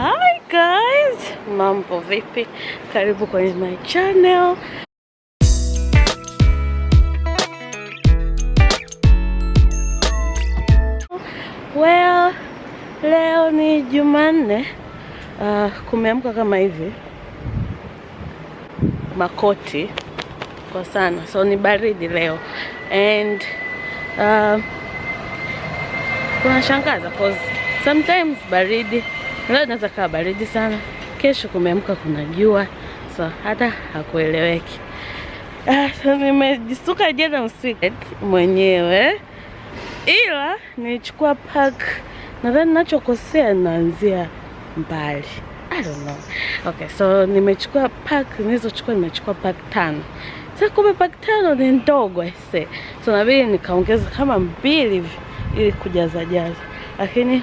Hi guys, mambo vipi? Karibu kwenye my channel. Well, leo ni Jumanne. Uh, kumeamka kama hivi makoti kwa sana, so ni baridi leo and uh, ah, kunashangaza cause sometimes baridi Leo inaweza kuwa baridi sana, kesho kumeamka kuna jua, so hata hakueleweki. Ah, so, nimejisuka jana usiku mwenyewe, ila nilichukua pack. Nadhani nachokosea naanzia mbali I don't know. Okay, so nimechukua pack, nilizochukua nimechukua pack tano. Sasa kumbe pack tano ni ndogo aise, so nabidi nikaongeza kama mbili hivi ili kujaza jaza, lakini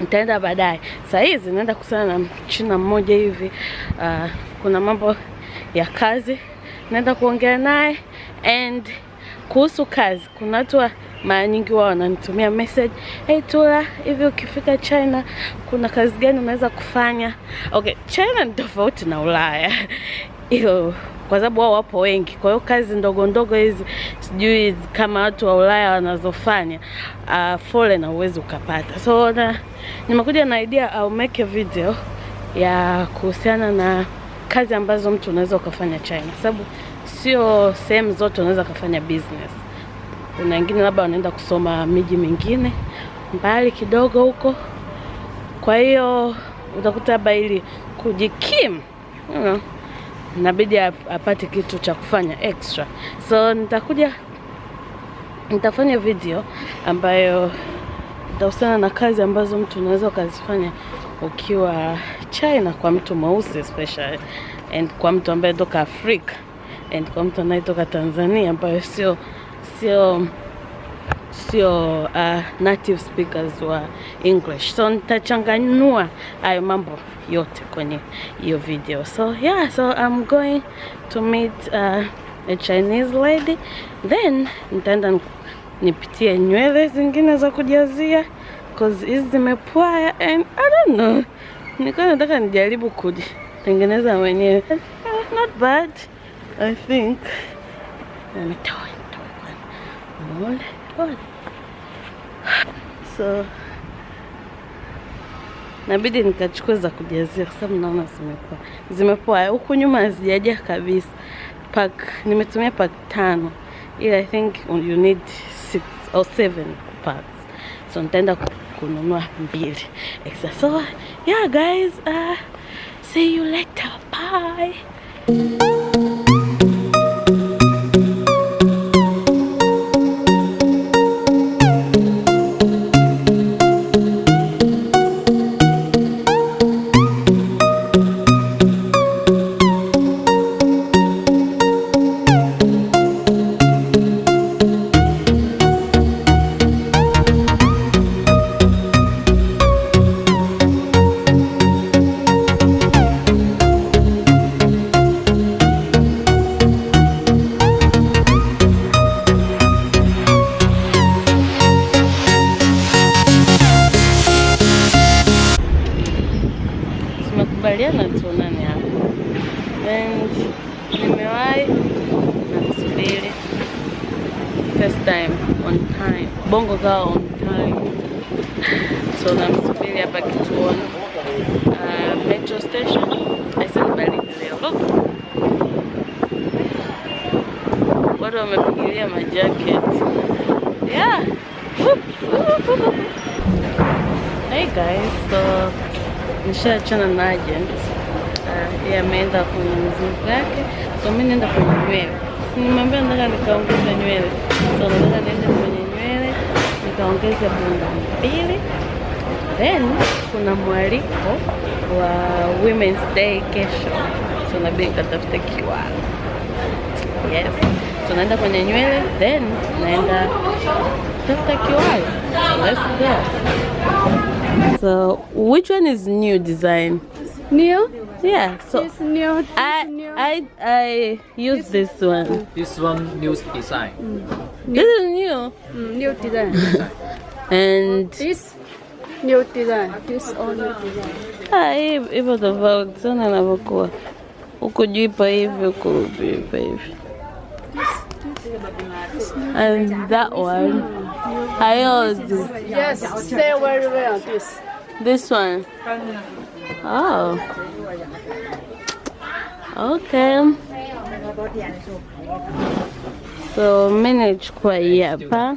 nitaenda baadaye. Sasa hizi naenda kusana na mchina mmoja hivi uh, kuna mambo ya kazi naenda kuongea naye and kuhusu kazi. Kuna watu mara nyingi wao wananitumia message, hey Tula, hivi ukifika China kuna kazi gani unaweza kufanya? Okay, China ni tofauti na Ulaya hiyo kwa sababu wao wapo wengi, kwa hiyo kazi ndogo ndogo hizi sijui kama watu wa Ulaya wanazofanya uh, ah, foreign na ukapata so na Nimekuja na idea au make a video ya kuhusiana na kazi ambazo mtu unaweza ukafanya China, sababu sio sehemu zote unaweza ukafanya business. Kuna wengine labda wanaenda kusoma miji mingine mbali kidogo huko, kwa hiyo utakuta labda ili kujikimu you know, inabidi apate kitu cha kufanya extra, so nitakuja nitafanya video ambayo itahusiana na kazi ambazo mtu unaweza ukazifanya ukiwa China, kwa mtu mweusi special and kwa mtu ambaye toka Afrika and kwa mtu anayetoka Tanzania ambayo sio sio sio uh, native speakers wa English. So nitachanganua hayo mambo yote kwenye hiyo video. So yeah, so I'm going to meet uh, a Chinese lady then nitaenda nipitie nywele zingine za kujazia cause hizi zimepwaya and I don't know, nilikuwa nataka nijaribu kujitengeneza mwenyewe. Not bad I think. so nabidi nikachukua za kujazia kwa sababu naona zimepwaya zimepoa. huku nyuma hazijaja kabisa. Pack nimetumia pack tano, Yeah, I think you need au oh, seven packs so nitaenda kununua mbili extra so yeah guys uh, see you later bye so namsubiri hapa kituoni uh, metro station. Aisa ni baridi watu wamepigilia majacket yeah. Hey guys, so nishaachana na agent uh, yeye ameenda kwenye mzigo yake, so mimi naenda kwenye nywele. Nimemwambia nataka nikaongeze nywele, so nataka niende kwenye nywele nikaongeze bunda mbili Then kuna mwaliko wa Women's Day kesho, so tunabidi katafute kiwalo. Yes, so naenda kwenye nywele, then naenda tafuta kiwalo. Let's go. So which one is new design? New? Yeah. So this new, this I new. I I use this, this one. This one new design. Mm. New. This is new. Mm, new design. and this Ah, hivyo tofauti sana inavyokuwa huku juu ipa hivi, huku ipa hivi. And that one. Yes, stay very well. This. This one. Oh. Okay. So mimi nachukua hii hapa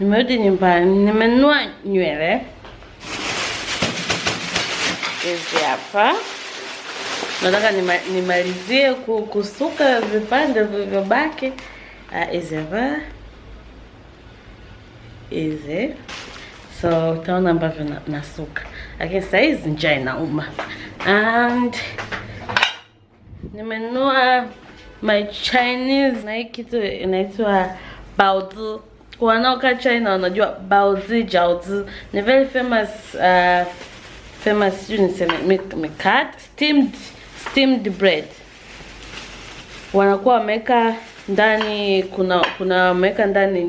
Nimerudi nyumbani, nimenua nywele hizi hapa. Nataka nimalizie kusuka vipande vilivyobaki ah, hizi hapa hizi, so utaona ambavyo nasuka, lakini saa hizi njaa inauma and nimenua my Chinese na hii kitu inaitwa baozi wanaoka China wanajua baozi jaozi ni very famous uh, famous sijui niseme mikat steamed steamed bread wanakuwa wameweka ndani kuna kuna wameweka ndani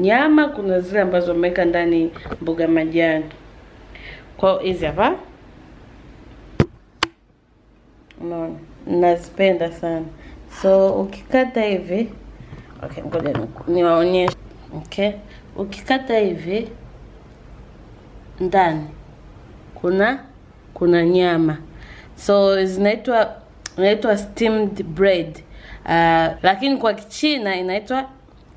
nyama, kuna zile ambazo wameweka ndani mboga majani. Kwa hizi hapa unaona, nazipenda sana so ukikata hivi. Okay, ngoja niwaonyeshe. Okay, ukikata hivi ndani kuna kuna nyama so zinaitwa inaitwa steamed bread uh, lakini kwa Kichina inaitwa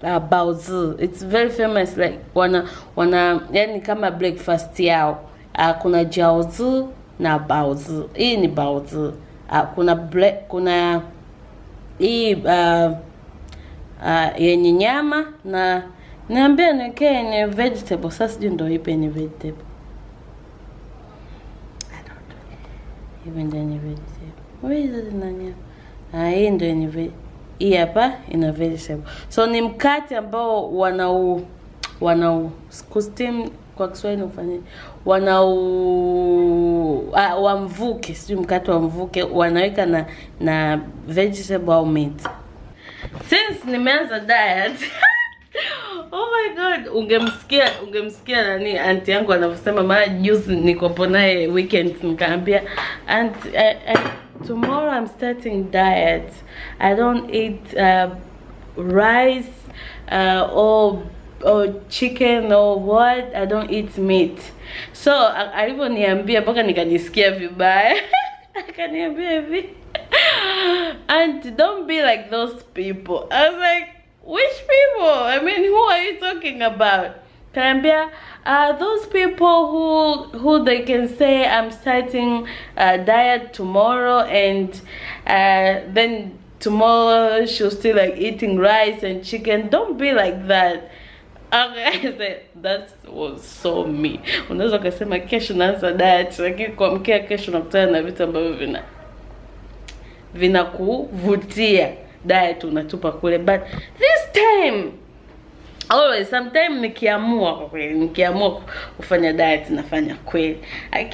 uh, ah, baozi. It's very famous like wana wana yani kama breakfast yao uh, kuna jiaozi na baozi. Hii ni baozi. Uh, kuna bre, kuna hii uh, uh, yenye nyama na Niambia niwekee ni vegetable. Sasa sijui ndo ipe ni vegetable. Hivi ndio ni vegetable. Wewe hizo zinanya. Ah, hii ndio ni vegetable. Hii hapa ina vegetable. So ni mkate ambao wanau wanau steam kwa Kiswahili ufanye wanau ah, wa mvuke, sijui mkate wa mvuke wanaweka na na vegetable au meat. Since nimeanza diet Oh my god, ungemsikia ungemsikia nani anti yangu anavyosema, mara juzi nikopo naye weekend, nikaambia anti, And tomorrow I'm starting diet. I don't eat uh, rice uh, or or chicken or what. I don't eat meat. So alivyoniambia mpaka nikajisikia vibaya akaniambia hivi, anti, don't be like those people. I was like which people? I mean, who are you talking about? Colombia are those people who who they can say I'm starting a diet tomorrow and uh, then tomorrow she'll still like eating rice and chicken. Don't be like that. Okay, that was so me. Unaweza ukasema kesho naanza diet, lakini kuamkia kesho unakutana na vitu ambavyo vina vinakuvutia diet unatupa kule, but this time always sometime nikiamua kwa kweli, nikiamua kufanya diet nafanya kweli.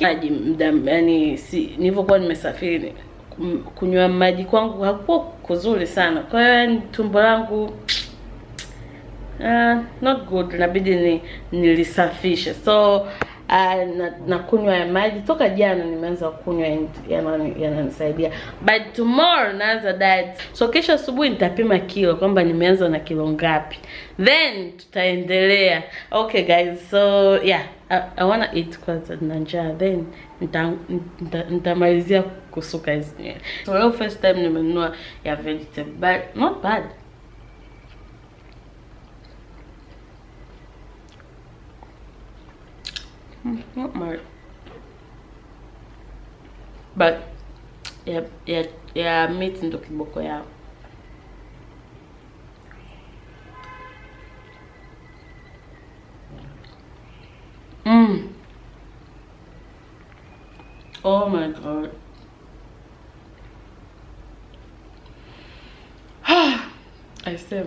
Maji mda, yani si nilivyokuwa nimesafiri, kunywa maji kwangu hakuwa kuzuri sana, kwa hiyo tumbo langu uh, not good, inabidi ni, nilisafisha so Ah, na, na kunywa ya maji toka jana nimeanza kunywa yananisaidia ya but tomorrow naanza diet, so kesho asubuhi nitapima kilo kwamba nimeanza na kilo ngapi, then tutaendelea. Okay guys, so yeah I, I wanna eat kwanza, nina njaa then nitamalizia nita, nita kusuka hizi nywele. So leo first time nimenunua ya vegetable but not bad Mm, not much, But yeah, yeah, yeah, I'm meeting Dokiboko, yeah. Mmm. Oh my god. I see.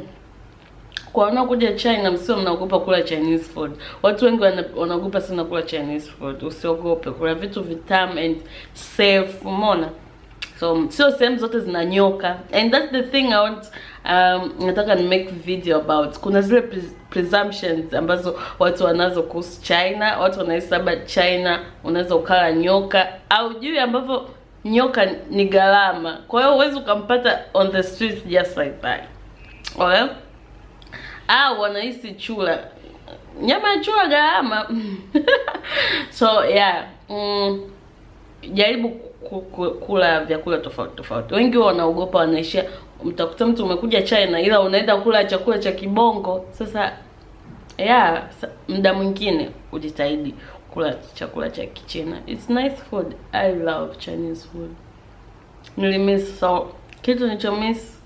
kwa wanaokuja China msio mnaogopa kula Chinese food. Watu wengi wanaogopa sana kula Chinese food. Usiogope, kuna vitu vitamu and safe, umeona? So sio sehemu zote zina nyoka. And that's the thing I want um, nataka ni make video about. Kuna zile pre presumptions ambazo watu wanazo kuhusu China. Watu wanahisi labda China unaweza ukala nyoka au juu ambavyo nyoka ni gharama. Kwa hiyo huwezi ukampata on the streets just like that. Alright? au ah, wanahisi chura. Nyama ya chura gharama so yeah mm, jaribu kula vyakula tofauti tofauti. Wengi wanaogopa wanaishia, mtakuta mtu umekuja China ila unaenda kula chakula cha kibongo. Sasa yeah, muda mwingine ujitahidi kula chakula cha Kichina. It's nice food. I love Chinese food. Nilimiss so kitu miss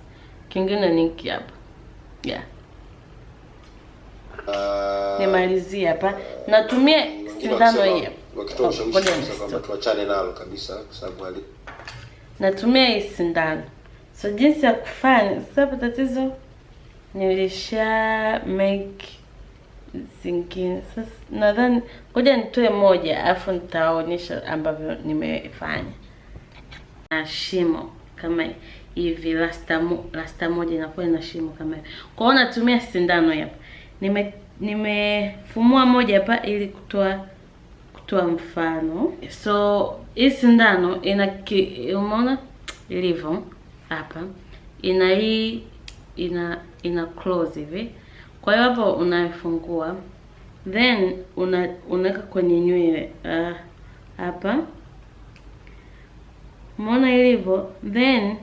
kingine niki hapa. Yeah. Uh, nimalizie hapa, natumia sindano hiyo, oh, nalo kabisa, kwa sababu hali natumia hii sindano. So jinsi ya kufanya sasa, tatizo nilisha make zingine sasa, nadhani ngoja nitoe moja, alafu nitaonyesha ambavyo nimefanya na shimo kama hivi. Rasta mo, rasta moja inakuwa na shimo kama hivi, kwa hiyo natumia sindano hapo nime nimefumua moja hapa ili kutoa kutoa mfano. So hii sindano ina umeona ilivyo hapa, ina hii ina ina close hivi. Kwa hiyo hapo unaifungua then una unaweka kwenye nywele uh, hapa umeona ilivyo, then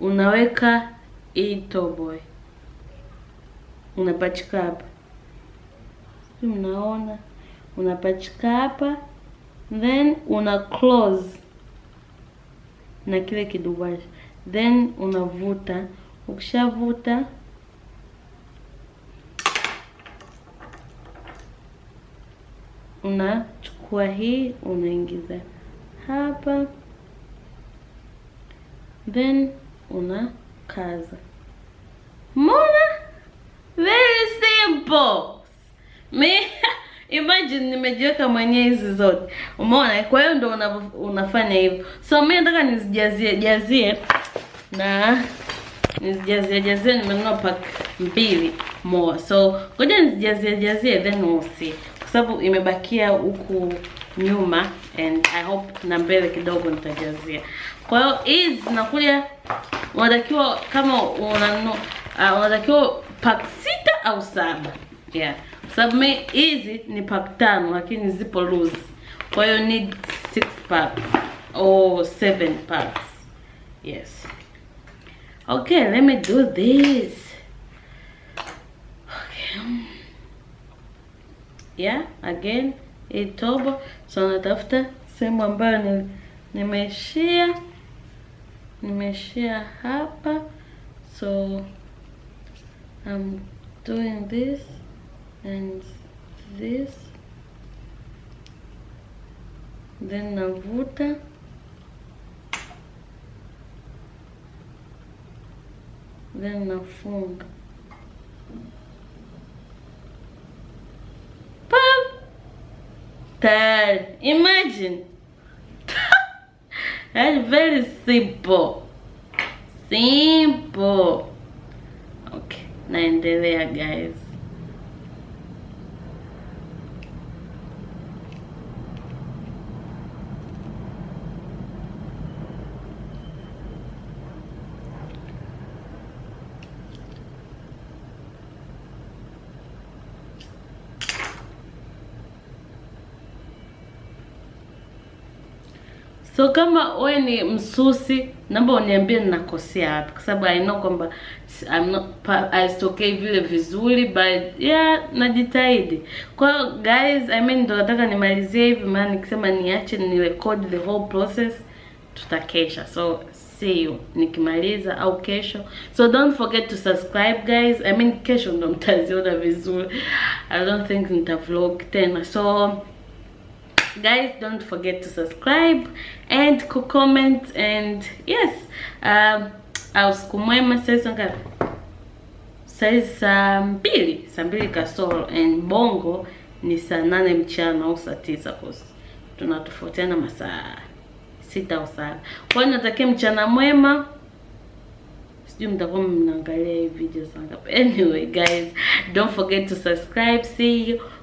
unaweka hii toboy unapachika hapa, mnaona, unapachika hapa then una close na kile kidubasha, then unavuta. Ukishavuta unachukua hii unaingiza hapa then unakaza. Mbona simple. Me imagine nimejiweka mwenyewe hizi zote. Umeona? Kwa hiyo ndio una, unafanya hivyo. So mimi nataka nizijazie jazie na nizijazie jazie nimenunua pack mbili more. So ngoja nizijazie jazie then we'll see. Kwa sababu imebakia huku nyuma and I hope na mbele kidogo nitajazia. Kwa hiyo hizi zinakuja unatakiwa kama unanunua uh, unatakiwa pack sita au saba yeah. Sababu mimi hizi ni pack tano lakini zipo loose, kwa hiyo need six packs or seven packs. Yes. Okay, let me do this. Okay. Yeah, again hii tobo, so natafuta sehemu ambayo nimeshia nimeshia hapa so I'm doing this and this then navuta then nafunga Tired. Imagine. That's very simple. Simple. Okay. Naendelea guys. So kama wewe ni msusi, naomba uniambie ninakosea wapi, kwa sababu I know kwamba I'm not asitokei vile vizuri, but yeah najitahidi. Kwa hiyo guys, I mean ndo nataka nimalizie hivi, maana nikisema niache ni record the whole process tutakesha. So see you nikimaliza au kesho, so don't forget to subscribe guys. I mean kesho ndo mtaziona vizuri. I don't think nita vlog tena so guys don't forget to subscribe and comment and yes um, au siku mwema saizi ngapi saizi saa mbili saa mbili kasoro and bongo ni saa nane mchana au saa tisa kosi tunatofautiana masaa sita au saba kwa natakia mchana mwema sijui mtakuwa mnaangalia hii video zangapi anyway guys don't forget to subscribe see you